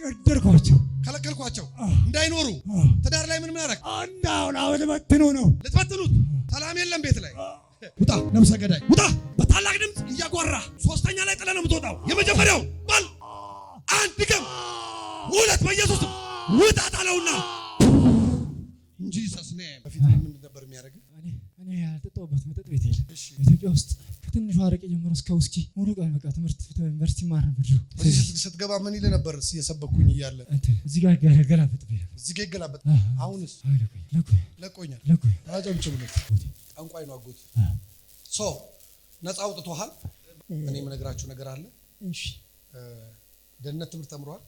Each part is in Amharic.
ገደልኳቸው፣ ከለከልኳቸው እንዳይኖሩ። ትዳር ላይ ምን ምን አደረግ? አንድ አሁን ልበትኑ ነው ልትበትኑት። ሰላም የለም ቤት ላይ ውጣ፣ ነብሰ ገዳይ ውጣ። በታላቅ ድምፅ እያጓራ ሶስተኛ ላይ ጥለህ ነው የምትወጣው። የመጀመሪያው ባል አንድ ቀም ሁለት በኢየሱስ ውጣ ጣለውና እንጂ ሰስኔ በፊት ምን ነበር የሚያደርግ የመጣሁበት መጠጥ ቤት የለ ኢትዮጵያ ውስጥ ከትንሹ አረቄ ጀምሮ እስከ ውስኪ ሙሉ ቀን በቃ ትምህርት ዩኒቨርሲቲ ማር ነበር። ስትገባ ምን ይል ነበር? እየሰበኩኝ እያለ እዚህ ጋር ገላፈጥ እዚህ ጋር ገላፈጥ። አሁንስ ለቆኛል። አጨብጭብለት። ጠንቋይ ነው አጎት ሰው ነፃ አውጥቶሃል። እኔ የምነግራችሁ ነገር አለ። ደህንነት ትምህርት ተምሯል።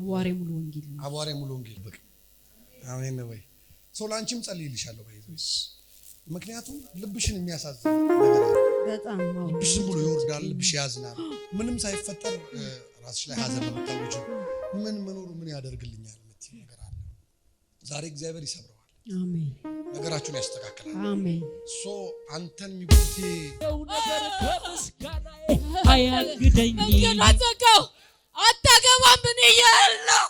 አዋሬ ሙሉ ወንጌል አዋሬ ሙሉ ወንጌል በቃ አሜን ወይ ሰው ለአንቺም ጸልይልሻለሁ ባይዘ ምክንያቱም ልብሽን የሚያሳዝን በጣም ልብሽ ዝም ብሎ ይወርዳል፣ ልብሽ ያዝናል። ምንም ሳይፈጠር ራስሽ ላይ ሀዘን ለመታወጅ ምን መኖሩ ምን ያደርግልኛል የምትይው ነገር አለ። ዛሬ እግዚአብሔር ይሰብረዋል፣ ነገራችሁን ያስተካክላል። ሶ አንተን የሚጎቴ ነገር ከምስጋና አያግደኝ። አታገባም ምን እያለው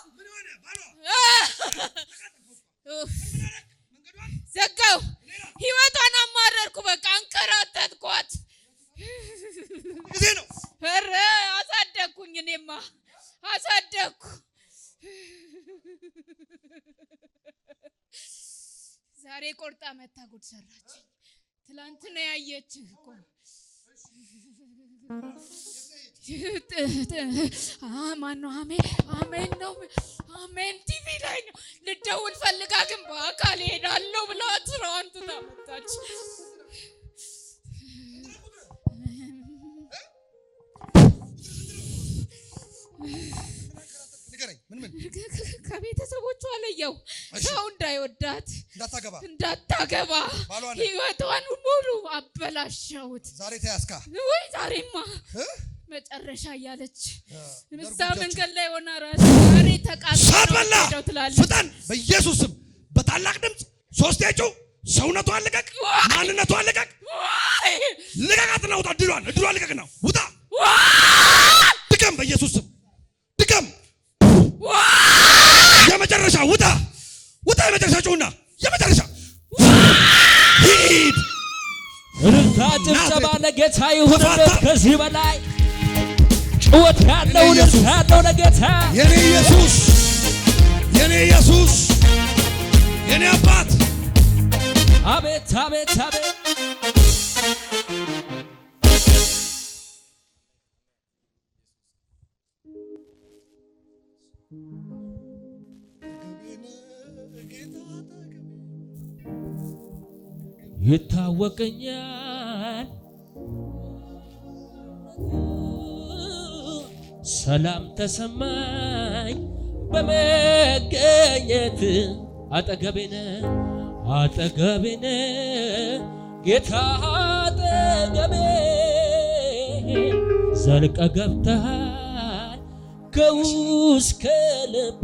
አሳደግኩ። ዛሬ ቆርጣ መታ ጉድ ሰራች። ትላንት ነው ያየችህ እኮ ማነው? አሜን አሜን ነው አሜን ቲቪ ላይ ነው ልደውል ፈልጋ ግን በአካል ሄዳለሁ ብላ ስራዋን ታመጣች። ከቤተሰቦቿ ለየው። ሰው እንዳይወዳት እንዳታገባ ህይወቷን ሙሉ አበላሸሁት። ዛሬ ተያዝካ ወይ? ዛሬማ መጨረሻ እያለች እዛ መንገድ ላይ ሆና ራሱ ዛሬ ተቃሳበላው ትላለች። ፍጠን! በኢየሱስም በታላቅ ድምፅ ሶስቴ ጩው። ሰውነቷን ልቀቅ፣ ማንነቷን ልቀቅ፣ ልቀቃት! ና ውጣ! ድሏን ድሏን ልቀቅ! ና ውጣ! የመጨረሻ ጩሁና የመጨረሻ ሂድ። እልልታ ጭብጨባ ለጌታ ይሁን። ከዚህ በላይ ጩኸት ያለው እልልታ ያለው ለጌታ የኔ ኢየሱስ የኔ ኢየሱስ የኔ አባት አቤት አቤት አቤት ይታወቀኛል ሰላም ተሰማኝ በመገኘት አጠገቤነ አጠገቤነ ጌታ አጠገቤ ዘልቀ ገብተሃል ከውስጥ ከልቤ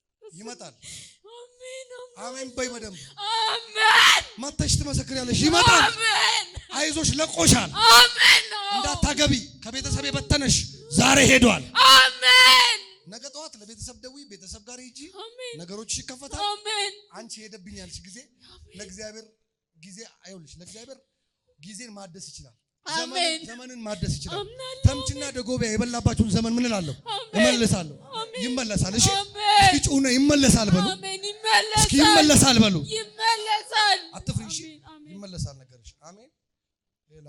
ይመጣል። አሜን በይ በደንብ አሜን። መተሽ ትመሰክሪያለሽ። ይመጣል። አይዞሽ፣ ለቆሻል። አሜን። እንዳታገቢ ከቤተሰብ የበተነሽ ዛሬ ሄዷል። አሜን። ነገ ጠዋት ለቤተሰብ ደውይ፣ ቤተሰብ ጋር ሂጂ፣ ነገሮች ይከፈታል። አሜን። አንቺ ሄደብኝ ያልሽ ጊዜ ለእግዚአብሔር ጊዜ አይውልሽ። ለእግዚአብሔር ጊዜን ማደስ ይችላል። ዘመንን ማደስ ይችላል። ተምችና ደጎቢያ የበላባችሁን ዘመን ምን እላለሁ እመልሳለሁ። ይመለሳል። እሺ እስኪ ጩኸና ይመለሳል በሉ። እስኪ ይመለሳል በሉ። ይመለሳል። አትፍሪ። እሺ ይመለሳል ነገርሽ። አሜን። ሌላ